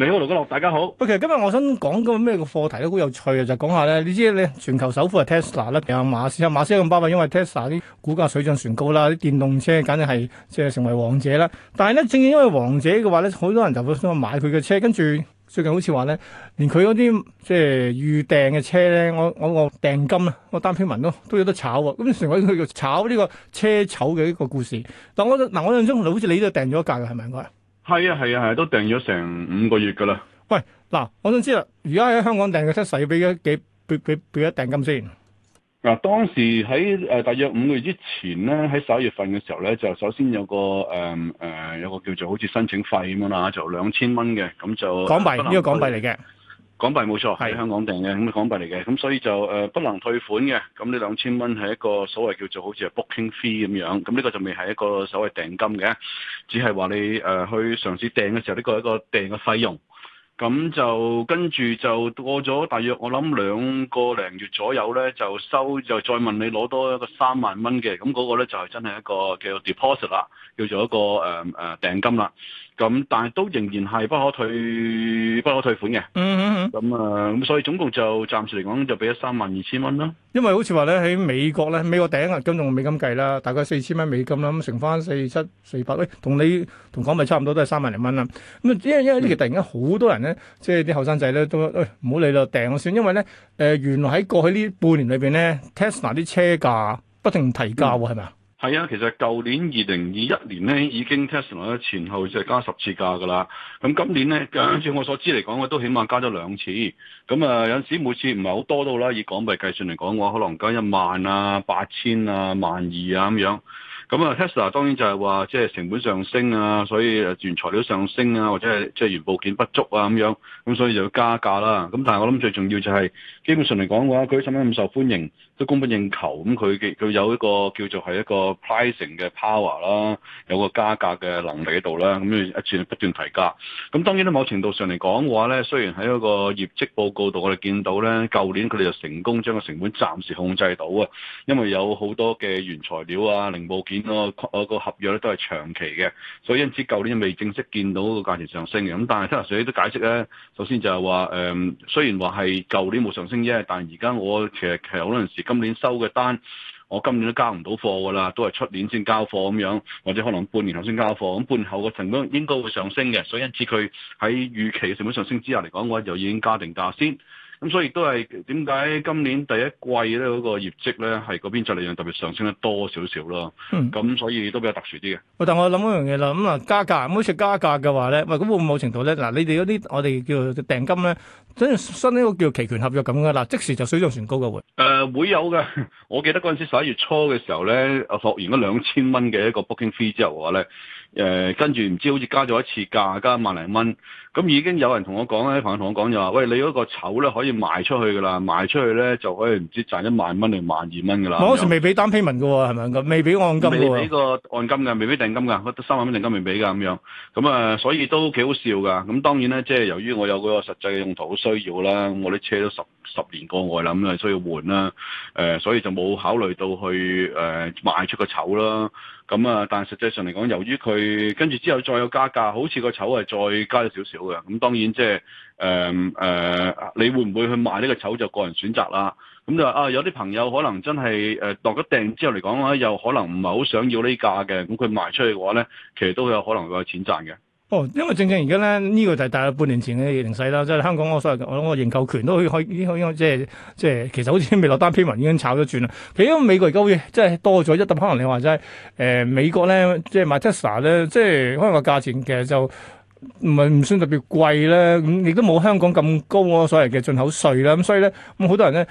你好，盧家樂，大家好。喂，其實今日我想講個咩個課題都好有趣嘅，就講、是、下咧。你知你全球首富係 Tesla 啦，又馬斯、又馬斯咁巴閉，因為 Tesla 啲股價水漲船高啦，啲電動車簡直係即係成為王者啦。但係咧，正因為王者嘅話咧，好多人就會想買佢嘅車。跟住最近好似話咧，連佢嗰啲即係預訂嘅車咧，我我我訂金啦，我單篇文咯，都有得炒喎。咁成為佢炒呢個車丑嘅一個故事。但我嗱，我印象中好似你都訂咗一架嘅，係咪應該？係啊係啊係，都訂咗成五個月噶啦。喂，嗱，我想知啦，而家喺香港訂架車，使俾一幾俾俾俾一訂金先。嗱，當時喺誒大約五個月之前咧，喺十一月份嘅時候咧，就首先有個誒誒、嗯呃、有個叫做好似申請費咁樣啦，就兩千蚊嘅，咁就港幣，呢、啊、個港幣嚟嘅。港幣冇錯，喺香港訂嘅咁嘅港幣嚟嘅，咁所以就誒不能退款嘅。咁呢兩千蚊係一個所謂叫做好似係 booking fee 咁樣，咁呢個就未係一個所謂訂金嘅，只係話你誒去嘗試訂嘅時候呢個係一個訂嘅費用。咁就跟住就過咗大約我諗兩個零月左右咧，就收就再問你攞多一個三萬蚊嘅，咁嗰個咧就係真係一個叫 deposit 啦，叫做一個誒誒訂金啦。咁但係都仍然係不可退不可退款嘅。嗯嗯咁啊，咁所以總共就暫時嚟講就俾咗三萬二千蚊啦。因為好似話咧喺美國咧，美國頂呀金用美金計啦，大概四千蚊美金啦，咁乘翻四七四百咧，同你同港幣差唔多都係三萬零蚊啦。咁啊，因為因為呢個突然間好多人咧。即係啲後生仔咧都，誒唔好理啦，訂咗算。因為咧，誒、呃、原來喺過去呢半年裏邊咧，Tesla 啲車價不停提價喎，係咪啊？係吧啊，其實舊年二零二一年咧已經 Tesla 前後即係加十次價噶啦。咁今年咧，據、嗯、我所知嚟講我都起碼加咗兩次。咁啊，有時每次唔係好多到啦，以港幣計算嚟講嘅話，可能加一萬啊、八千啊、萬二啊咁樣。咁啊，Tesla 當然就係話，即係成本上升啊，所以誒原材料上升啊，或者係即係原部件不足啊咁樣，咁所以就要加價啦。咁但係我諗最重要就係，基本上嚟講嘅話，佢點解咁受歡迎？都供不應求，咁佢嘅佢有一個叫做係一個 pricing 嘅 power 啦，有個加價嘅能力喺度啦，咁啊，一次不斷提價。咁當然咧，某程度上嚟講嘅話咧，雖然喺一個業績報告度我哋見到咧，舊年佢哋就成功將個成本暫時控制到啊，因為有好多嘅原材料啊、零部件啊、嗰、嗰個合約咧都係長期嘅，所以因此舊年未正式見到個價錢上升嘅。咁但係 Tesla 都解釋咧，首先就係話誒，雖然話係舊年冇上升啫，但係而家我其實其實有啲今年收嘅單，我今年都交唔到貨㗎啦，都係出年先交貨咁樣，或者可能半年後先交貨。咁半年後個成本應該會上升嘅，所以因此佢喺預期成本上升之下嚟講，我哋就已經加定價先。咁、嗯、所以都係點解今年第一季咧嗰、那個業績咧係嗰邊就力量特別上升得多少少咯。咁、嗯嗯、所以都比較特殊啲嘅、嗯。喂，但我諗嗰樣嘢啦，咁啊加價，唔好意思，加價嘅話咧，喂，咁會唔會有程度咧？嗱，你哋嗰啲我哋叫訂金咧，即係新呢個叫期權合約咁嘅啦，即時就水漲船高嘅喎。誒、呃、會有嘅，我記得嗰陣時十一月初嘅時候咧，我付完咗兩千蚊嘅一個 booking fee 之後嘅話咧，跟住唔知好似加咗一次價，加萬零蚊。咁已經有人同我講咧，朋友同我講就話：喂，你嗰個籌咧可以賣出去噶啦，賣出去咧就可以唔知賺一萬蚊定萬二蚊噶啦。我嗰時未俾擔批文㗎喎，係咪咁？未俾按金嘅喎。未畀按金嘅，未俾定金嘅，三萬蚊定金未俾㗎。咁樣。咁、嗯、啊，所以都幾好笑噶。咁、嗯、當然咧，即係由於我有嗰個實際嘅用途好需要啦，我啲車都十十年過外啦，咁啊需要換啦。誒、呃，所以就冇考慮到去誒、呃、賣出個籌啦。咁啊，但實實際上嚟講，由於佢跟住之後再有加價，好似個籌係再加咗少少嘅。咁當然即係誒誒，你會唔會去賣呢個籌就個人選擇啦。咁就啊，有啲朋友可能真係誒落咗訂之後嚟講話又可能唔係好想要呢價嘅。咁佢賣出去嘅話咧，其實都有可能會有錢賺嘅。哦，因為正正而家咧，呢個就係大約半年前嘅形勢啦。即係香港我所謂我諗我認購權都可以可以已經可以即係即係其實好似未落單批文已經炒咗轉啦。其實因為美國而家好似即係多咗一噸，可能你話齋係美國咧，即係買 Tesla 咧，即係可能個價錢其實就唔係唔算特別貴呢，咁亦都冇香港咁高我所謂嘅進口稅啦。咁所以咧，咁好多人咧。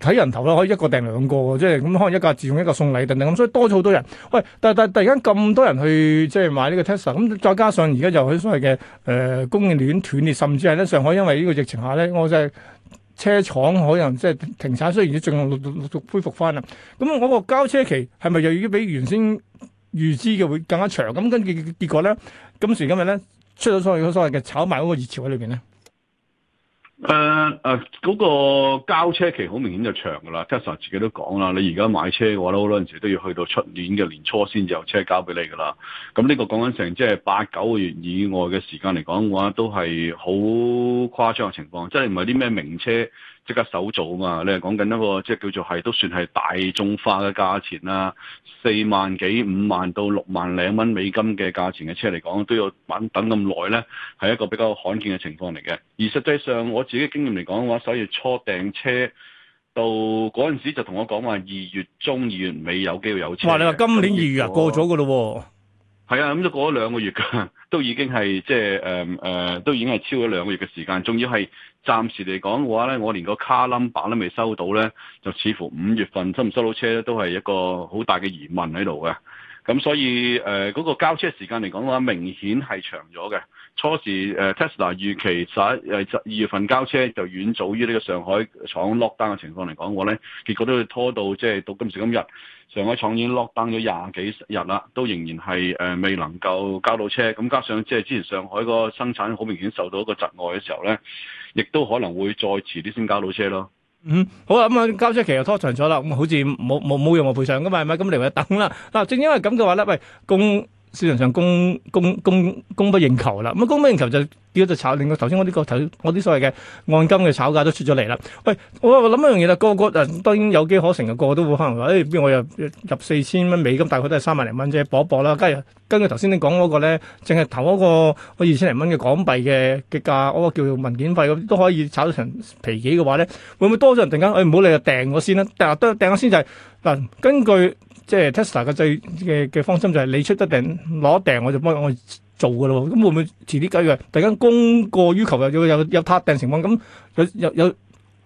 睇人頭啦，可以一個訂兩個喎，即係咁可能一個自用，一個送禮，等等咁，所以多咗好多人。喂，但但突然間咁多人去即係買呢個 Tesla，咁再加上而家又喺所謂嘅誒、呃、供應鏈斷裂，甚至係咧上海因為呢個疫情下咧，我就係車廠可能即係停產，雖然已經陸陸陸續恢復翻啦。咁我個交車期係咪又已經比原先預知嘅會更加長？咁跟住結果咧，今時今日咧出咗所謂所謂嘅炒賣嗰個熱潮喺裏邊咧。誒誒，嗰、uh, uh, 個交車期好明顯就長噶啦，Tesla 自己都講啦，你而家買車嘅話咧，好多陣時都要去到出年嘅年初先有車交俾你噶啦。咁呢個講緊成即係八九個月以外嘅時間嚟講嘅話，都係好誇張嘅情況，即係唔係啲咩名車。即刻手做嘛？你係講緊一個即係叫做係都算係大眾化嘅價錢啦，四萬幾五萬到六萬兩蚊美金嘅價錢嘅車嚟講，都要等等咁耐咧，係一個比較罕見嘅情況嚟嘅。而實際上我自己經驗嚟講嘅話，首月初訂車到嗰陣時就同我講話，二月中、二月尾有機會有車。哇！你話今年二月啊，過咗嘅咯喎，係啊咁就過咗兩個月㗎，都已經係即係誒誒都已經係超咗兩個月嘅時間，仲要係。暫時嚟講嘅話咧，我連個卡冧巴都未收到咧，就似乎五月份收唔收到車咧，都係一個好大嘅疑問喺度嘅。咁所以誒嗰個交車時間嚟講嘅話，明顯係長咗嘅。初時誒 Tesla 預期十一誒十二月份交車，就遠早於呢個上海廠 lock 單嘅情況嚟講嘅話咧，結果都拖到即係到今時今日，上海廠已經 lock 單咗廿幾日啦，都仍然係誒未能夠交到車。咁加上即係之前上海個生產好明顯受到一個窒礙嘅時候咧，亦都可能會再遲啲先交到車咯。嗯，好啊，咁啊交車期又拖長咗啦，咁好似冇冇冇任何賠償噶嘛，係咪？咁你咪等啦。嗱，正因為咁嘅話咧，喂，共。市場上供供供供不應求啦，咁供不應求就叫做就炒，另外頭先我呢個頭我啲所謂嘅按金嘅炒價都出咗嚟啦。喂、哎，我諗一樣嘢啦，個個人當然有機可乘，個個都會可能話誒，邊我又入四千蚊美金，大概都係三萬零蚊啫，搏一搏啦。跟住根據頭先你講嗰個咧，淨係投嗰個二千零蚊嘅港幣嘅嘅價，嗰、嗰個叫做文件費咁，都可以炒到成皮幾嘅話咧，會唔會多咗人突然間誒唔好理，啊訂、哎、我先啦？訂啊，訂訂先就係、是、嗱，根據。即係 Tesla 嘅制嘅嘅方針就係你出得訂攞訂，我就幫我做嘅咯。咁會唔會遲啲計嘅？突然間供過於求又要有有撻訂情況？咁有有有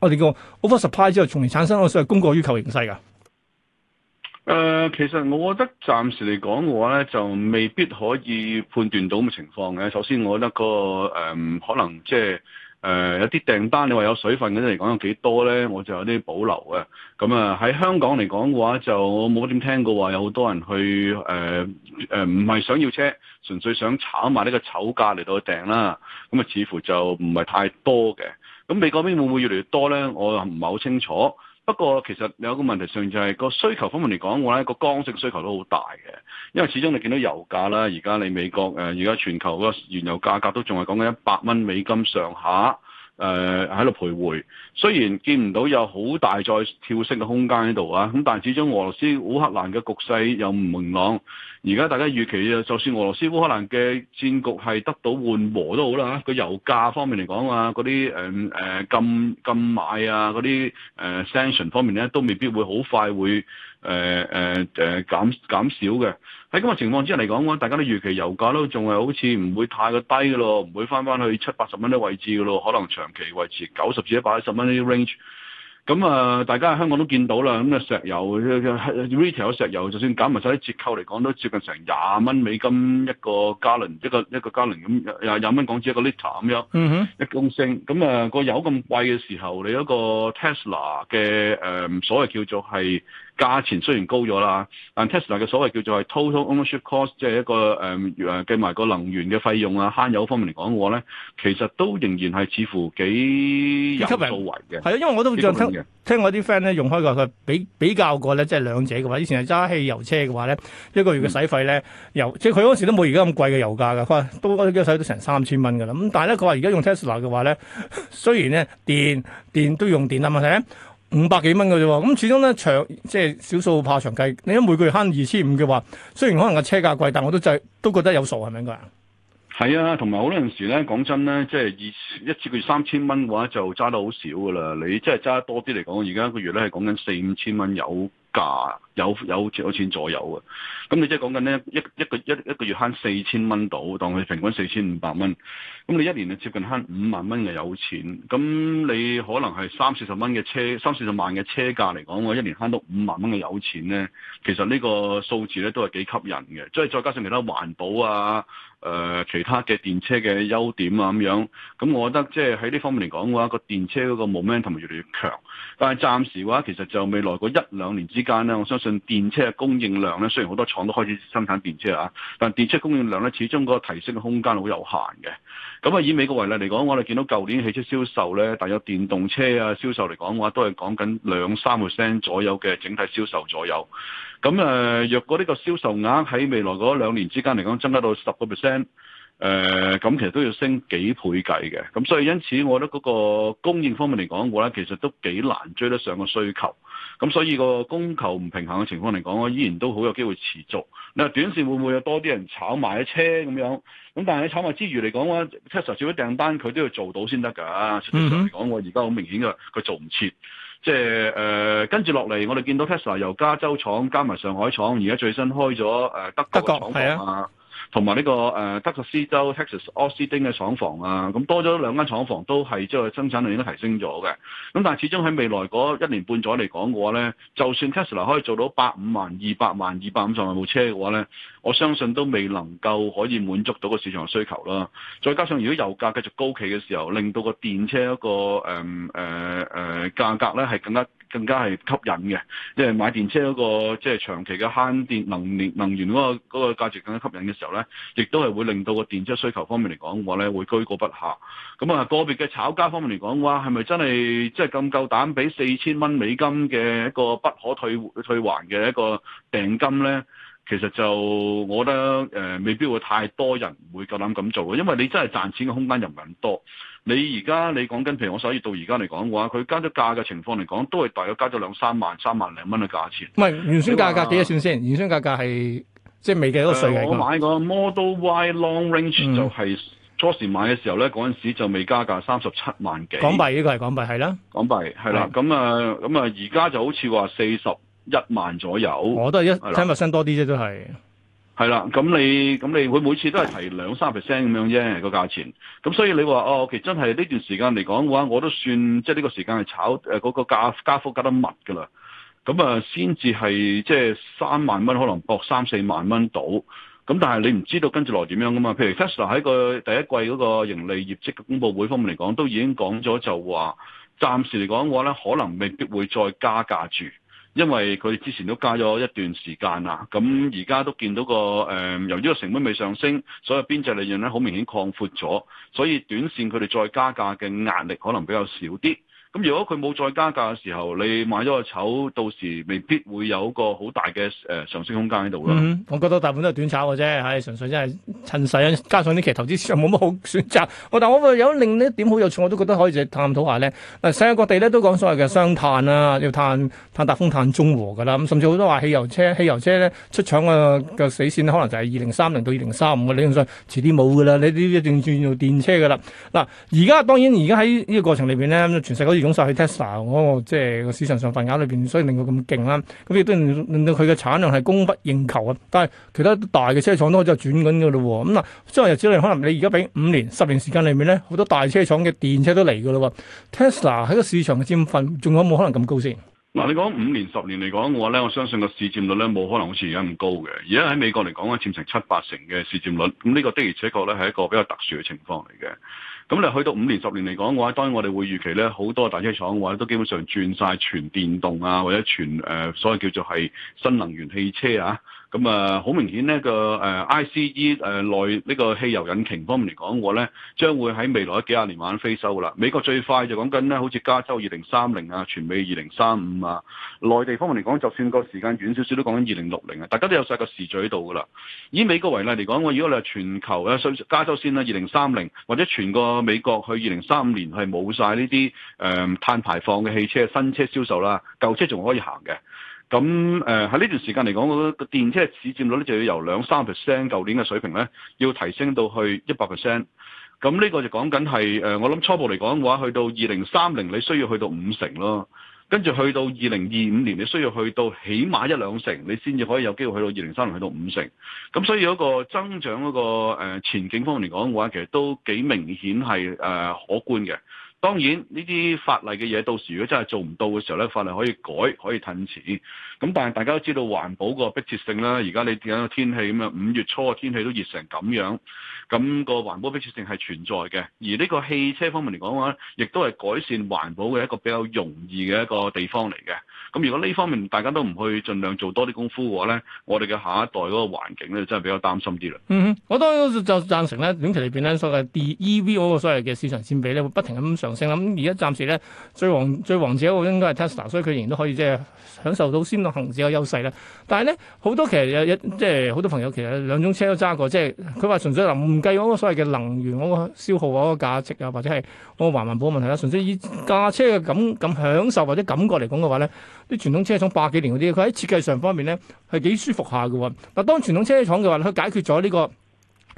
我哋個 over supply 之後，從而產生我所謂供過於求形勢嘅。誒、呃，其實我覺得暫時嚟講嘅話咧，就未必可以判斷到咁嘅情況嘅。首先，我覺得、嗰個誒、呃、可能即、就、係、是。誒、呃、有啲訂單，你話有水分嘅，啲嚟講有幾多咧？我就有啲保留嘅。咁啊喺香港嚟講嘅話，就我冇點聽過話有好多人去誒唔係想要車，純粹想炒埋呢個炒價嚟到去訂啦。咁、嗯、啊似乎就唔係太多嘅。咁、嗯、美國邊會唔會越嚟越多咧？我又唔係好清楚。不過其實有一個問題上就係個需求方面嚟講，我、那、咧個剛性需求都好大嘅，因為始終你見到油價啦，而家你美國誒而家全球個原油價格都仲係講緊一百蚊美金上下。誒喺度徘徊，雖然見唔到有好大再跳升嘅空間喺度啊，咁但係始終俄羅斯烏克蘭嘅局勢又唔明朗，而家大家預期啊，就算俄羅斯烏克蘭嘅戰局係得到緩和都好啦，個油價方面嚟講啊，嗰啲誒禁禁買啊，嗰啲誒 sanction 方面咧都未必會好快會。誒誒、呃呃、減減少嘅，喺咁嘅情況之下嚟講嘅話，大家都預期油價都仲係好似唔會太過低嘅咯，唔會翻翻去七八十蚊嘅位置嘅咯，可能長期維持九十至一百一十蚊啲 range。咁、嗯、啊、呃，大家喺香港都見到啦，咁啊石油、啊、retail 石油就算減埋晒啲折扣嚟講，都接近成廿蚊美金一個加侖、嗯哼，一個一個加侖咁廿廿蚊港紙一個 liter 咁樣，一公升。咁啊個油咁貴嘅時候，你有一個 Tesla 嘅誒、呃、所謂叫做係。價錢雖然高咗啦，但 Tesla 嘅所謂叫做係 total ownership cost，即係一個誒計埋個能源嘅費用啊、慳油方面嚟講嘅話咧，其實都仍然係似乎幾有數圍嘅。係啊，因為我都仲聽聽我啲 friend 咧用開個，佢比比較過咧，即係兩者嘅話，以前係揸汽油車嘅話咧，一個月嘅洗費咧，嗯、油即係佢嗰時都冇而家咁貴嘅油價㗎，佢話都一使到成三千蚊㗎啦。咁但係咧，佢話而家用 Tesla 嘅話咧，雖然咧電電都用電吖嘛，係五百幾蚊嘅啫，咁始終咧，長，即係少數怕長計。你如果每個月慳二千五嘅話，雖然可能個車價貴，但我都就都覺得有數，係咪應該？係啊，同埋好多陣時咧，講真咧，即係二一次個月三千蚊嘅話，就揸得好少噶啦。你即係揸得多啲嚟講，而家一個月咧係講緊四五千蚊有價有有有錢左右。咁你即係講緊呢一一個一一個月慳四千蚊到，當佢平均四千五百蚊。咁你一年就接近慳五萬蚊嘅有錢。咁你可能係三四十蚊嘅車，三四十萬嘅車價嚟講，我一年慳到五萬蚊嘅有錢呢。其實呢個數字呢都係幾吸引嘅。即係再加上其他環保啊，誒，呃，其他嘅電車嘅優點啊咁樣。咁我覺得即係喺呢方面嚟講嘅話，個電車嗰個 momentum 越嚟越強。但係暫時嘅話，其實就未來嗰一兩年之間呢，我相信電車嘅供應量呢，雖然好多都開始生產電車啊，但係電車供應量咧始終嗰個提升嘅空間好有限嘅。咁啊，以美國為例嚟講，我哋見到舊年汽車銷售咧，但有電動車啊銷售嚟講嘅話，都係講緊兩三個 percent 左右嘅整體銷售左右。咁誒，若果呢個銷售額喺未來嗰兩年之間嚟講，增加到十個 percent，誒，咁其實都要升幾倍計嘅。咁所以因此，我覺得嗰個供應方面嚟講，我覺得其實都幾難追得上個需求。咁所以個供求唔平衡嘅情況嚟講，我依然都好有機會持續。你話短線會唔會有多啲人炒埋一車咁樣？咁但係喺炒賣之餘嚟講，我 Tesla 接咗訂單，佢都要做到先得㗎。實際上嚟講，我而家好明顯㗎，佢做唔切。即係誒，跟住落嚟，我哋見到 Tesla 由加州廠加埋上，上海廠，而家最新開咗誒、呃、德國廠房啊。同埋呢個誒德克斯州 Texas Austin 嘅廠房啊，咁多咗兩間廠房都係即係生產量已經提升咗嘅。咁但係始終喺未來嗰一年半左右嚟講嘅話咧，就算 Tesla 可以做到百五萬、二百萬、二百五十萬部車嘅話咧，我相信都未能夠可以滿足到個市場嘅需求啦。再加上如果油價繼續高企嘅時候，令到個電車一個誒誒誒價格咧係更加。更加係吸引嘅，即係買電車嗰個，即係長期嘅慳電能源能源嗰個嗰個價值更加吸引嘅時候呢，亦都係會令到個電車需求方面嚟講嘅話，會居高不下。咁啊，個別嘅炒家方面嚟講嘅話，係咪真係即係咁夠膽俾四千蚊美金嘅一個不可退退還嘅一個訂金呢？其實就我覺得誒、呃，未必會太多人會夠膽咁做嘅，因為你真係賺錢嘅空間又唔係咁多。你而家你講緊譬如我所以到而家嚟講嘅話，佢加咗價嘅情況嚟講，都係大約加咗兩三萬、三萬零蚊嘅價錢。唔係原先價格幾多算先？原先價格係即係未計個稅、呃、我買個 Model Y Long Range、嗯、就係初時買嘅時候咧，嗰陣時就未加價三十七萬幾。港幣呢個係港幣係啦，港幣係啦。咁啊咁啊，而家就好似話四十一萬左右。我 1, 的都係一聽默笙多啲啫，都係。係啦，咁你咁你會每次都係提兩三 percent 咁樣啫個價錢，咁所以你話哦，其實真係呢段時間嚟講嘅話，我都算即係呢個時間係炒嗰、嗰個加幅加得密㗎啦，咁啊先至係即係三萬蚊可能博三四萬蚊到，咁但係你唔知道跟住落點樣㗎嘛？譬如 Tesla 喺個第一季嗰個盈利業績嘅公佈會方面嚟講，都已經講咗就話，暫時嚟講嘅話咧，可能未必會再加價住。因為佢之前都加咗一段時間啦，咁而家都見到個、呃、由於個成本未上升，所以邊際利潤咧好明顯擴闊咗，所以短線佢哋再加價嘅壓力可能比較少啲。如果佢冇再加價嘅時候，你買咗個籌，到時未必會有個好大嘅誒、呃、上升空間喺度咯。嗯，我覺得大部分都係短炒嘅啫，係、哎、純粹真係趁勢啊。加上呢期投資上冇乜好選擇。我但我有另一點好有趣，我都覺得可以就係探討下呢。嗱、啊，世界各地呢都講所謂嘅雙碳啊，要碳碳達峰碳中和噶啦。咁甚至好多話汽油車、汽油車呢，出廠嘅嘅死線可能就係二零三零到二零三五嘅理論上，遲啲冇㗎啦，你呢啲一定要轉做電車㗎啦。嗱、啊，而家當然而家喺呢個過程裏面呢，全世講晒去 Tesla 嗰個即係個市場上份額裏邊，所以令到佢咁勁啦。咁亦都令到佢嘅產量係供不應求啊。但係其他大嘅車廠都好似轉緊噶咯。咁嗱，將來日子裏可能你而家俾五年、十年時間裏面咧，好多大車廠嘅電車都嚟噶啦。Tesla 喺個市場嘅佔份仲有冇可能咁高先？嗱，你講五年、十年嚟講嘅話咧，我相信個市佔率咧冇可能好似而家咁高嘅。而家喺美國嚟講咧，佔成七八成嘅市佔率。咁呢個的而且確咧係一個比較特殊嘅情況嚟嘅。咁你去到五年十年嚟講嘅話，我覺得當然我哋會預期呢，好多大車廠我覺得都基本上轉晒全電動啊，或者全所謂叫做係新能源汽車啊。咁啊，好明顯呢、個誒、呃、ICE 誒內呢個汽油引擎方面嚟講，我咧將會喺未來幾廿年玩飛收噶啦。美國最快就講緊咧，好似加州二零三零啊，全美二零三五啊。內地方面嚟講，就算個時間遠少少，都講緊二零六零啊。大家都有晒個時序喺度噶啦。以美國為例嚟講，我如果你話全球咧加州先啦、啊，二零三零或者全個美國去二零三五年係冇晒呢啲誒碳排放嘅汽車新車銷售啦，舊車仲可以行嘅。咁誒喺呢段時間嚟講，我覺得個電車嘅市佔率咧就要由兩三 percent 舊年嘅水平咧，要提升到去一百 percent。咁呢個就講緊係誒，我諗初步嚟講嘅話，去到二零三零你需要去到五成咯。跟住去到二零二五年你需要去到起碼一兩成，你先至可以有機會去到二零三零去到五成。咁所以嗰個增長嗰、嗰個、呃、前景方面嚟講嘅話，其實都幾明顯係誒、呃、可觀嘅。當然呢啲法例嘅嘢，到時如果真係做唔到嘅時候咧，法例可以改，可以褪遲。咁但係大家都知道，環保個迫切性啦。而家你見到個天氣咁樣，五月初嘅天氣都熱成咁樣，咁個環保迫切性係存在嘅。而呢個汽車方面嚟講嘅話咧，亦都係改善環保嘅一個比較容易嘅一個地方嚟嘅。咁如果呢方面大家都唔去盡量做多啲功夫嘅話咧，我哋嘅下一代嗰個環境咧真係比較擔心啲啦。嗯哼，我都就贊成咧，短期嚟講咧，所謂嘅 EV 嗰個所謂嘅市場佔比咧，會不停咁上.咁而家暫時咧，最王最王者，個應該係 Tesla，所以佢仍然都可以即係享受到先到行者嘅優勢啦。但係咧，好多其實有一即係好多朋友其實兩種車都揸過，即係佢話純粹唔計嗰個所謂嘅能源、嗰、嗰個消耗、嗰、嗰個價值啊，或者係嗰個環環保問問題啦。純粹以駕車嘅咁咁享受或者感覺嚟講嘅話咧，啲傳統車廠百幾年嗰啲，佢喺設計上方面咧係幾舒服下嘅。嗱，當傳統車廠嘅話，佢解決咗呢、呢個。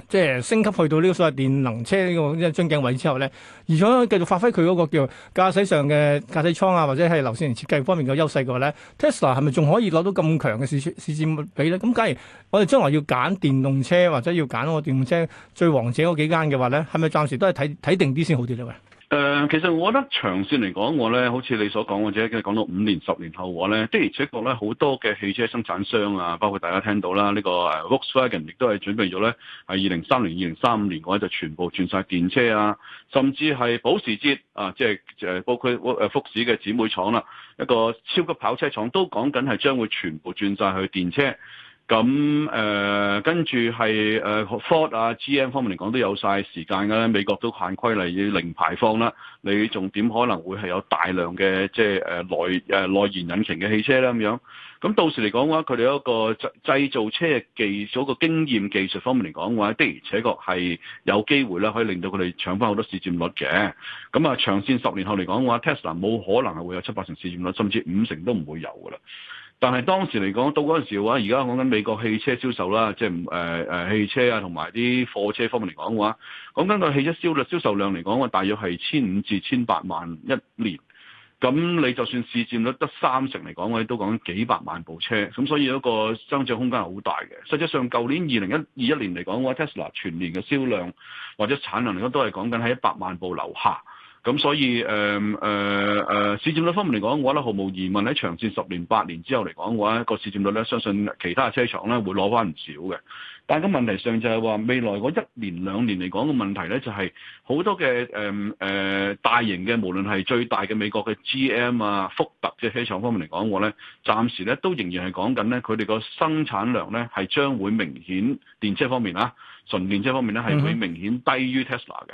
即係升級去到呢個所謂電能車呢個樽頸位之後咧，而再繼續發揮佢嗰個叫駕駛上嘅駕駛艙啊，或者係流線型設計方面嘅優勢嘅話咧，Tesla 係咪仲可以攞到咁強嘅市市佔比咧？咁假如我哋將來要揀電動車或者要揀個電動車最王者嗰幾間嘅話咧，係咪暫時都係睇睇定啲先好啲咧？喂。誒、呃，其實我覺得長線嚟講，我咧好似你所講或者講到五年、十年後話咧，的而且確咧好多嘅汽車生產商啊，包括大家聽到啦，呢、這個 Volkswagen 亦都係準備咗咧，喺二零三零、二零三五年嘅話就全部轉晒電車啊，甚至係保時捷啊，即、就、係、是、包括福士嘅姊妹廠啦、啊，一個超級跑車廠都講緊係將會全部轉晒去電車。咁誒、呃、跟住係誒 Ford 啊、GM 方面嚟講都有晒時間嘅，美國都限規例零排放啦，你仲點可能會係有大量嘅即係誒內誒內燃引擎嘅汽車啦。咁樣？咁到時嚟講嘅話，佢哋一個製造車技術、一個經驗技術方面嚟講嘅話，的而且確係有機會咧，可以令到佢哋搶翻好多市佔率嘅。咁啊、呃，長線十年後嚟講嘅話，Tesla 冇可能係會有七八成市佔率，甚至五成都唔會有噶啦。但係當時嚟講，到嗰陣時嘅話、啊，而家講緊美國汽車銷售啦，即係唔誒汽車啊，同埋啲貨車方面嚟講嘅話，講緊個汽車銷量銷售量嚟講，我大約係千五至千八萬一年。咁你就算市佔率得三成嚟講，我哋都講幾百萬部車。咁所以有一個增長空間係好大嘅。實際上舊年二零一二一年嚟講，我 Tesla 全年嘅銷量或者產量嚟講，都係講緊喺一百萬部樓下。咁所以誒誒、嗯呃、市佔率方面嚟講，我覺得毫無疑問喺長線十年八年之後嚟講，我覺得個市佔率咧，相信其他車廠咧會攞翻唔少嘅。但係個問題上就係話，未來嗰一年兩年嚟講嘅問題咧，就係、是、好多嘅誒、嗯呃、大型嘅，無論係最大嘅美國嘅 GM 啊、福特嘅車廠方面嚟講，我咧暫時咧都仍然係講緊咧，佢哋個生產量咧係將會明顯電車方面啊，純電車方面咧係會明顯低於 Tesla 嘅。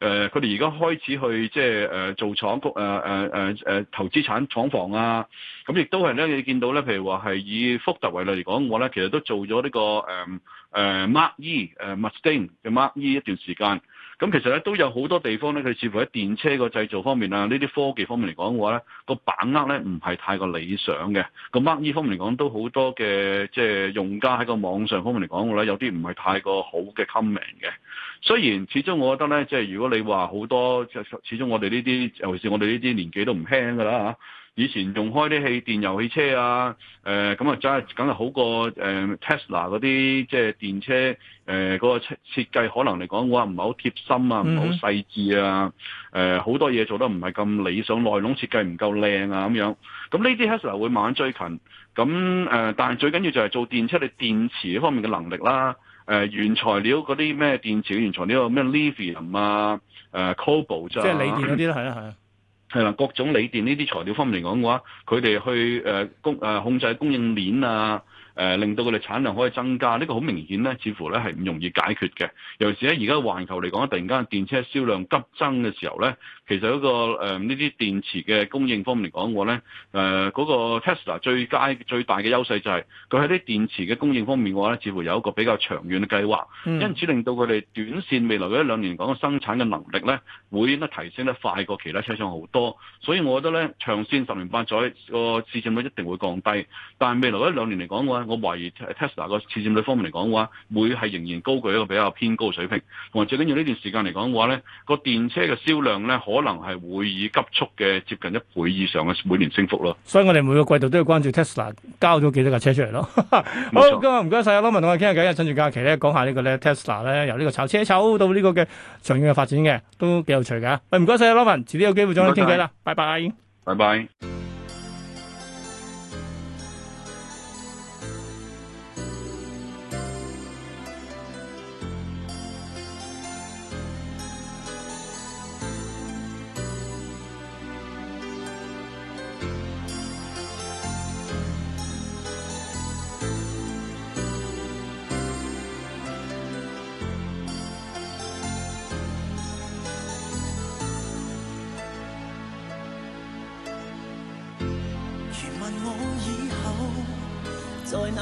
誒，佢哋而家開始去即係誒做廠屋，誒誒誒誒投資產廠房啊，咁、呃、亦都係咧，你見到咧，譬如話係以福特為例嚟講，我咧，其實都做咗呢、這個誒誒 Mark E 誒 Mustang 嘅 Mark E 一段時間咁其實咧都有好多地方咧，佢似乎喺電車個製造方面啊，呢啲科技方面嚟講嘅話咧，個把握咧唔係太過理想嘅。咁 mark 呢方面嚟講都好多嘅，即係用家喺個網上方面嚟講嘅話，有啲唔係太過好嘅 comment 嘅。雖然始終我覺得咧，即係如果你話好多，始終我哋呢啲，尤其是我哋呢啲年紀都唔輕㗎啦吓。以前用開啲氣電油汽車啊，誒咁啊真係梗係好過誒、呃、Tesla 嗰啲即係電車誒嗰、呃那個設計可能嚟講，我話唔係好貼心啊，唔係好細緻啊，誒好、嗯呃、多嘢做得唔係咁理想，內籠設計唔夠靚啊咁樣。咁呢啲 Tesla 會慢慢追近。咁誒、呃，但係最緊要就係做電車，你電池方面嘅能力啦、啊，誒、呃、原材料嗰啲咩電池嘅原材料咩 lithium 啊，誒 cobalt 即係鋰電嗰啲啦，係啊係啊。 係啦，各種鋰電呢啲材料方面嚟講嘅話，佢哋去誒供誒控制供應鏈啊。誒令到佢哋產量可以增加，這個、呢個好明顯咧，似乎咧係唔容易解決嘅。尤其是喺而家環球嚟講，突然間電車銷量急增嘅時候咧，其實嗰、那個呢啲、呃、電池嘅供應方面嚟講，嘅話咧誒嗰個 Tesla 最佳最大嘅優勢就係佢喺啲電池嘅供應方面嘅話咧，似乎有一個比較長遠嘅計劃，嗯、因此令到佢哋短線未來嗰一兩年講嘅生產嘅能力咧，會該提升得快過其他車商好多。所以我覺得咧長線十年八載個市佔率一定會降低，但係未來一兩年嚟講嘅話，我懷疑 Tesla 個市佔率方面嚟講嘅話，會係仍然高居一個比較偏高嘅水平。同埋最緊要呢段時間嚟講嘅話咧，個電車嘅銷量咧，可能係會以急速嘅接近一倍以上嘅每年升幅咯。所以我哋每個季度都要關注 Tesla 交咗幾多架車出嚟咯。好，今日唔該晒阿 Lockman 同我傾下偈，趁住假期咧講下這個呢個咧 Tesla 咧由呢個炒車炒到呢個嘅長遠嘅發展嘅，都幾有趣嘅、啊。喂，唔該晒阿 Lockman 遲啲有機會再傾偈啦。拜拜。拜拜。